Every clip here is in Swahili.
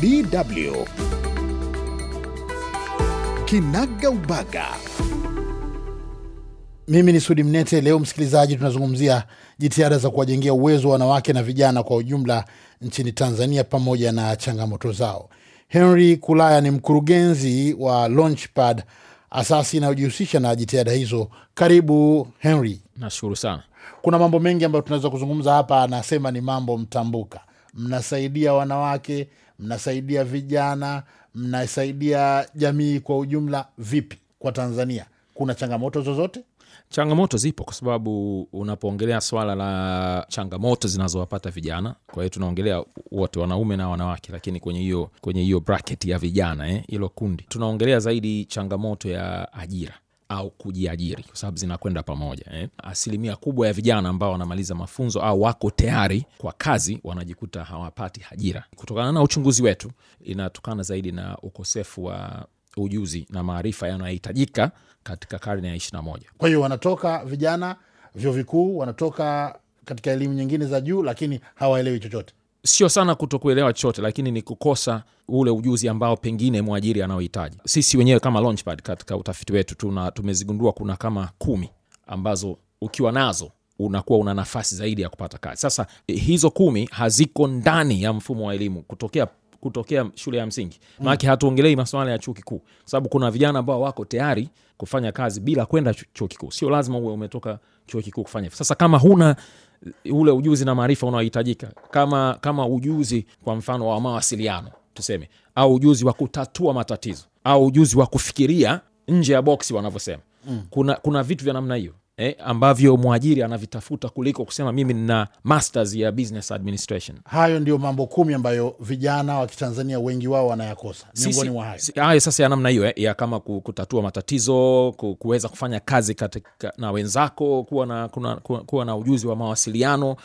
BW. Kinaga Ubaga. Mimi ni Sudi Mnete. Leo msikilizaji, tunazungumzia jitihada za kuwajengea uwezo wanawake na vijana kwa ujumla nchini Tanzania pamoja na changamoto zao. Henry Kulaya ni mkurugenzi wa Launchpad, asasi inayojihusisha na jitihada hizo. Karibu Henry. Nashukuru sana. Kuna mambo mengi ambayo tunaweza kuzungumza hapa, anasema ni mambo mtambuka, mnasaidia wanawake, mnasaidia vijana, mnasaidia jamii kwa ujumla vipi? Kwa Tanzania kuna changamoto zozote? Changamoto zipo kwa sababu unapoongelea swala la changamoto zinazowapata vijana, kwa hiyo tunaongelea wote wanaume na wanawake, lakini kwenye hiyo kwenye hiyo bracket ya vijana eh, hilo eh, kundi tunaongelea zaidi changamoto ya ajira au kujiajiri, kwa sababu zinakwenda pamoja eh. Asilimia kubwa ya vijana ambao wanamaliza mafunzo au wako tayari kwa kazi wanajikuta hawapati ajira kutokana na uchunguzi wetu, inatokana zaidi na ukosefu wa ujuzi na maarifa yanayohitajika katika karne ya ishirini moja. Kwa hiyo wanatoka vijana vyo vikuu, wanatoka katika elimu nyingine za juu, lakini hawaelewi chochote sio sana kutokuelewa chochote, lakini ni kukosa ule ujuzi ambao pengine mwajiri anaohitaji. Sisi wenyewe kama Launchpad katika utafiti wetu tuna, tumezigundua kuna kama kumi ambazo ukiwa nazo unakuwa una nafasi zaidi ya kupata kazi. Sasa hizo kumi haziko ndani ya mfumo wa elimu kutokea kutokea shule ya msingi maanake, mm. hatuongelei masuala ya chuo kikuu, kwa sababu kuna vijana ambao wako tayari kufanya kazi bila kwenda chuo kikuu. Sio lazima uwe umetoka chuo kikuu kufanya hivyo. Sasa kama huna ule ujuzi na maarifa unaohitajika, kama, kama ujuzi kwa mfano wa mawasiliano tuseme, au ujuzi wa kutatua matatizo au ujuzi wa kufikiria nje ya boksi wanavyosema, mm. kuna, kuna vitu vya namna hiyo eh, ambavyo mwajiri anavitafuta kuliko kusema mimi nina masters ya business administration. Hayo ndio mambo kumi ambayo vijana wa Kitanzania wengi wao wanayakosa miongoni mwa hayo. sasa ya namna hiyo eh, ya kama kutatua matatizo, kuweza kufanya kazi katika na wenzako, kuwa na, kuna, kuwa na ujuzi wa mawasiliano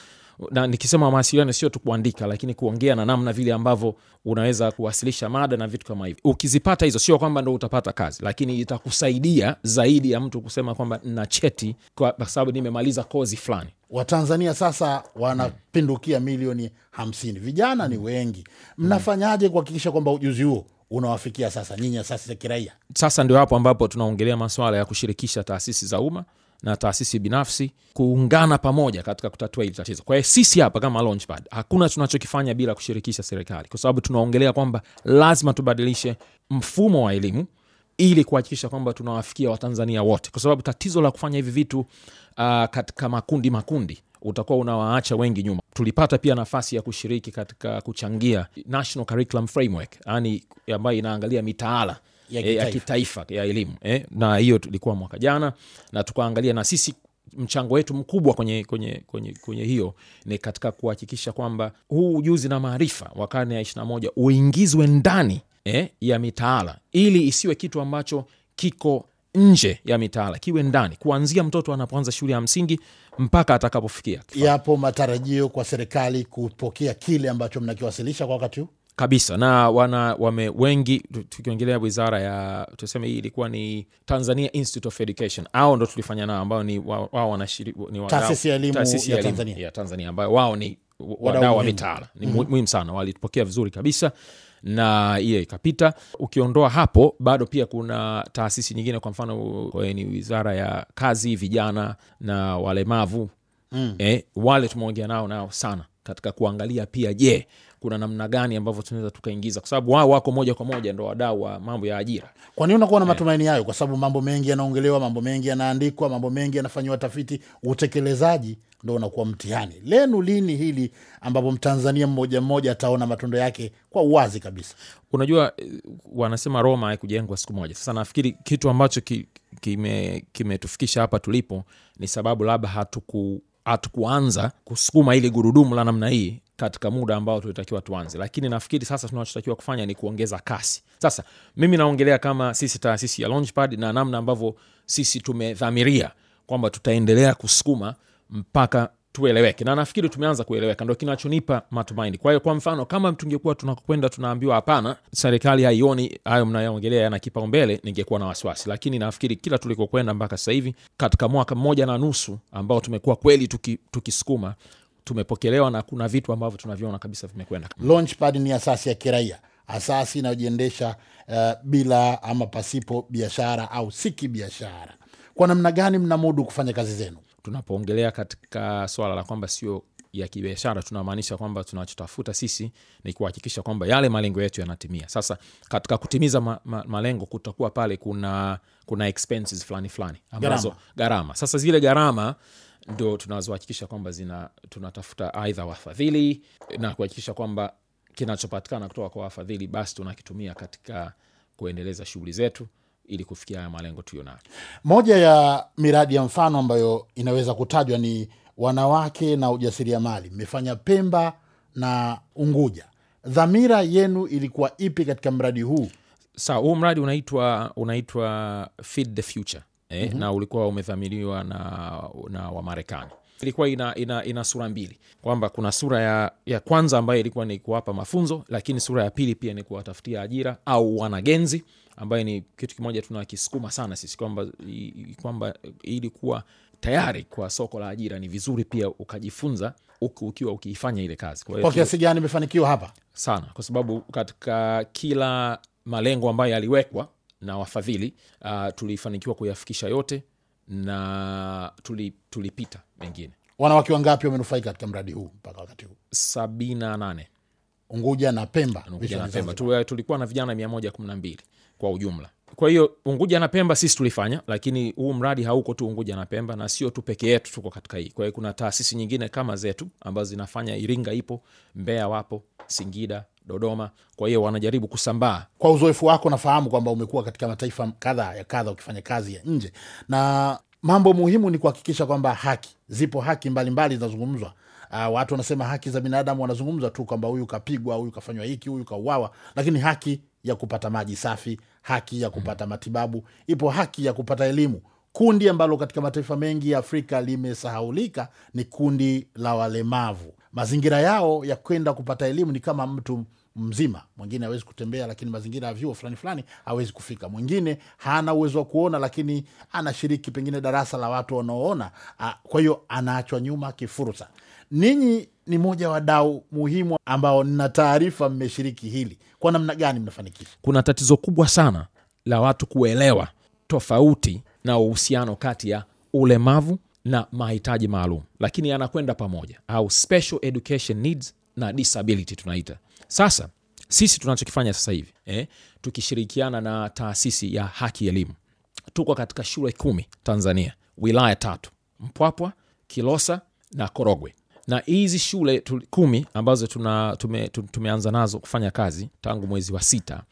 na nikisema mawasiliano sio tu kuandika, lakini kuongea na namna vile ambavyo unaweza kuwasilisha mada na vitu kama hivyo. Ukizipata hizo, sio kwamba ndo utapata kazi, lakini itakusaidia zaidi ya mtu kusema kwamba na cheti kwa sababu nimemaliza kozi fulani. Watanzania sasa wanapindukia milioni hamsini, vijana ni wengi. Mnafanyaje kuhakikisha kwamba ujuzi huo unawafikia sasa nyinyi asasi za kiraia? Sasa ndio hapo ambapo tunaongelea masuala ya kushirikisha taasisi za umma na taasisi binafsi kuungana pamoja katika kutatua hili tatizo. Kwa hiyo sisi hapa kama Launchpad hakuna tunachokifanya bila kushirikisha serikali, kwa sababu tunaongelea kwamba lazima tubadilishe mfumo wa elimu ili kuhakikisha kwamba tunawafikia Watanzania wote, kwa sababu tatizo la kufanya hivi vitu uh, katika makundi makundi utakuwa unawaacha wengi nyuma. Tulipata pia nafasi ya kushiriki katika kuchangia National Curriculum Framework, yani ambayo inaangalia mitaala Eh, ya kitaifa, ya, kitaifa, ya elimu eh, na hiyo tulikuwa mwaka jana na tukaangalia na sisi mchango wetu mkubwa kwenye, kwenye, kwenye, kwenye hiyo ni katika kuhakikisha kwamba huu ujuzi na maarifa wa karne ya 21 uingizwe ndani eh, ya mitaala ili isiwe kitu ambacho kiko nje ya mitaala, kiwe ndani, kuanzia mtoto anapoanza shule ya msingi mpaka atakapofikia. Yapo matarajio kwa serikali kupokea kile ambacho mnakiwasilisha kwa wakati huu? kabisa na wana wame wengi, tukiongelea wizara ya tuseme, hii ilikuwa ni Tanzania Institute of Education au ndo tulifanya nao, ambao ni wao wa, taasisi ya elimu ya Tanzania, ya Tanzania ambayo wao ni wadau wa mitaala ni mhm. muhimu mm -hmm. sana, walitupokea vizuri kabisa na hiyo ikapita. Ukiondoa hapo, bado pia kuna taasisi nyingine, kwa mfano ni wizara ya kazi, vijana na walemavu mm. Eh, wale tumeongea nao nao sana katika kuangalia pia, je, kuna namna gani ambavyo tunaweza tukaingiza, kwa sababu wao wako moja kwa moja ndo wadau wa mambo ya ajira. Kwa nini unakuwa na eh. matumaini hayo? Kwa sababu mambo mengi yanaongelewa, mambo mengi yanaandikwa, mambo mengi yanafanyiwa tafiti, utekelezaji ndo unakuwa mtihani. Lenu lini hili ambapo mtanzania mmoja mmoja ataona matunda yake kwa uwazi kabisa? Unajua, wanasema Roma haikujengwa siku moja. Sasa nafikiri kitu ambacho kimetufikisha ki, ki hapa tulipo ni sababu labda hatuku hatukuanza kusukuma ili gurudumu la namna hii katika muda ambao tulitakiwa tuanze, lakini nafikiri sasa tunachotakiwa kufanya ni kuongeza kasi. Sasa mimi naongelea kama sisi taasisi ya Launchpad na namna ambavyo sisi tumedhamiria kwamba tutaendelea kusukuma mpaka tueleweke na nafikiri tumeanza kueleweka, ndo kinachonipa matumaini. Kwa hiyo kwa mfano, kama tungekuwa tunakwenda tunaambiwa hapana, serikali haioni hayo mnayoongelea yana kipaumbele, ningekuwa na wasiwasi, lakini nafikiri kila tulikokwenda mpaka sasa hivi katika mwaka mmoja na nusu ambao tumekuwa kweli tukisukuma tuki tumepokelewa na kuna vitu ambavyo tunavyoona kabisa vimekwenda. Launchpad ni asasi ya kiraia, asasi inayojiendesha uh, bila ama pasipo biashara au siki biashara Kwa namna gani mnamudu kufanya kazi zenu? tunapoongelea katika swala la kwamba sio ya kibiashara tunamaanisha kwamba tunachotafuta sisi ni kuhakikisha kwamba yale malengo yetu yanatimia. Sasa katika kutimiza ma, ma, malengo kutakuwa pale kuna kuna expenses fulani fulani ambazo gharama. Sasa zile gharama ndo tunazohakikisha kwamba zina tunatafuta aidha wafadhili na kuhakikisha kwamba kinachopatikana kutoka kwa wafadhili basi tunakitumia katika kuendeleza shughuli zetu ili kufikia haya malengo tuliyonayo. Moja ya miradi ya mfano ambayo inaweza kutajwa ni wanawake na ujasiriamali. Mmefanya Pemba na Unguja, dhamira yenu ilikuwa ipi katika mradi huu? Sawa, huu mradi unaitwa unaitwa Feed the Future eh, mm -hmm. na ulikuwa umedhamiriwa na, na Wamarekani ilikuwa ina, ina, ina sura mbili kwamba kuna sura ya, ya kwanza ambayo ilikuwa ni kuwapa mafunzo, lakini sura ya pili pia ni kuwatafutia ajira au wanagenzi, ambayo ni kitu kimoja tunakisukuma sana sisi kwamba kwamba ili kuwa tayari kwa soko la ajira ni vizuri pia ukajifunza uku, ukiwa ukiifanya ile kazi. Kwa kiasi gani imefanikiwa hapa sana, kwa sababu katika kila malengo ambayo yaliwekwa na wafadhili uh, tulifanikiwa kuyafikisha yote na tulipita mengine. Wanawake wangapi wamenufaika katika mradi huu mpaka wakati huu? sabini na nane. Unguja na Pemba, na Pemba. tulikuwa na vijana mia moja kumi na mbili kwa ujumla. Kwa hiyo Unguja na Pemba sisi tulifanya, lakini huu mradi hauko tu Unguja na Pemba na sio tu peke yetu tuko katika hii. Kwa hiyo kuna taasisi nyingine kama zetu ambazo zinafanya. Iringa ipo, mbea wapo, Singida, Dodoma. Kwa hiyo wanajaribu kusambaa. Kwa uzoefu wako, nafahamu kwamba umekuwa katika mataifa kadha ya kadha ukifanya kazi ya nje, na mambo muhimu ni kuhakikisha kwamba haki zipo, haki mbalimbali zinazungumzwa mbali uh, watu wanasema haki za binadamu, wanazungumza tu kwamba huyu kapigwa, huyu kafanywa hiki, huyu kauawa, lakini haki ya kupata maji safi, haki ya kupata matibabu ipo, haki ya kupata elimu. Kundi ambalo katika mataifa mengi ya Afrika limesahaulika ni kundi la walemavu. Mazingira yao ya kwenda kupata elimu ni kama mtu mzima mwingine awezi kutembea, lakini mazingira ya vyuo fulani fulani awezi kufika. Mwingine hana uwezo wa kuona, lakini anashiriki pengine darasa la watu wanaoona, ah, kwa hiyo anaachwa nyuma kifursa ninyi ni moja wadau muhimu ambao nina taarifa mmeshiriki hili, kwa namna gani mnafanikisha? Kuna tatizo kubwa sana la watu kuelewa tofauti na uhusiano kati ya ulemavu na mahitaji maalum, lakini yanakwenda pamoja, au special education needs na disability tunaita. Sasa sisi tunachokifanya sasa hivi eh, tukishirikiana na taasisi ya Haki Elimu, tuko katika shule kumi Tanzania, wilaya tatu: Mpwapwa, Kilosa na Korogwe na hizi shule tu, kumi ambazo tuna, tume, tumeanza nazo kufanya kazi tangu mwezi wa sita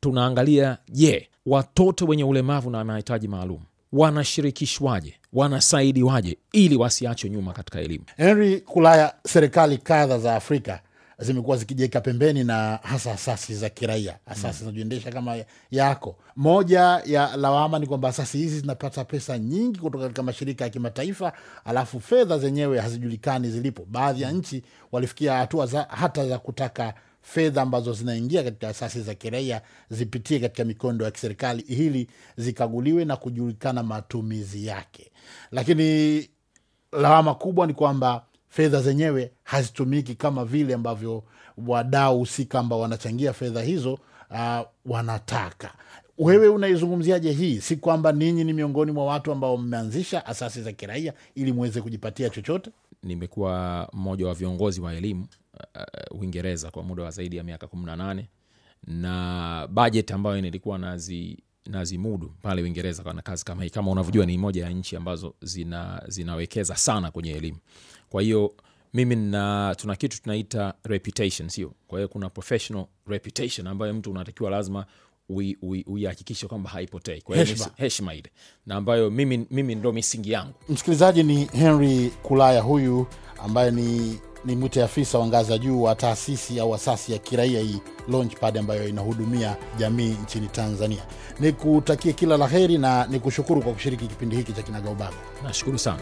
tunaangalia je yeah, watoto wenye ulemavu na mahitaji maalum wanashirikishwaje wanasaidiwaje ili wasiachwe nyuma katika elimu henry kulaya serikali kadha za afrika zimekuwa zikijeka pembeni na hasa asasi za kiraia, asasi mm. zinajiendesha mm. kama yako. Moja ya lawama ni kwamba asasi hizi zinapata pesa nyingi kutoka katika mashirika ya kimataifa, alafu fedha zenyewe hazijulikani zilipo. Baadhi ya mm. nchi walifikia hatua za, hata za kutaka fedha ambazo zinaingia katika asasi za kiraia zipitie katika mikondo ya kiserikali ili zikaguliwe na kujulikana matumizi yake. Lakini lawama kubwa ni kwamba fedha zenyewe hazitumiki kama vile ambavyo wadau husika ambao wanachangia fedha hizo uh, wanataka wewe unaizungumziaje hii? Si kwamba ninyi ni miongoni mwa watu ambao mmeanzisha asasi za kiraia ili mweze kujipatia chochote? Nimekuwa mmoja wa viongozi wa elimu uh, uh, Uingereza kwa muda wa zaidi ya miaka kumi na nane na bajet ambayo nilikuwa nazi nazimudu pale Uingereza na kazi kama hii. Kama unavyojua ni moja ya nchi ambazo zina, zinawekeza sana kwenye elimu. Kwa hiyo mimi na, tuna kitu tunaita reputation, sio? Kwa hiyo kuna professional reputation ambayo mtu unatakiwa lazima uihakikishe kwamba haipotei, kwa heshima ile na ambayo mimi, mimi ndo misingi yangu. Msikilizaji, ni Henry Kulaya huyu ambaye ni ni mwite afisa wa ngazi ya juu wa taasisi au asasi ya kiraia hii Launchpad ambayo inahudumia jamii nchini Tanzania. Nikutakie kila la heri na nikushukuru kwa kushiriki kipindi hiki cha Kinagaubaga. Nashukuru sana.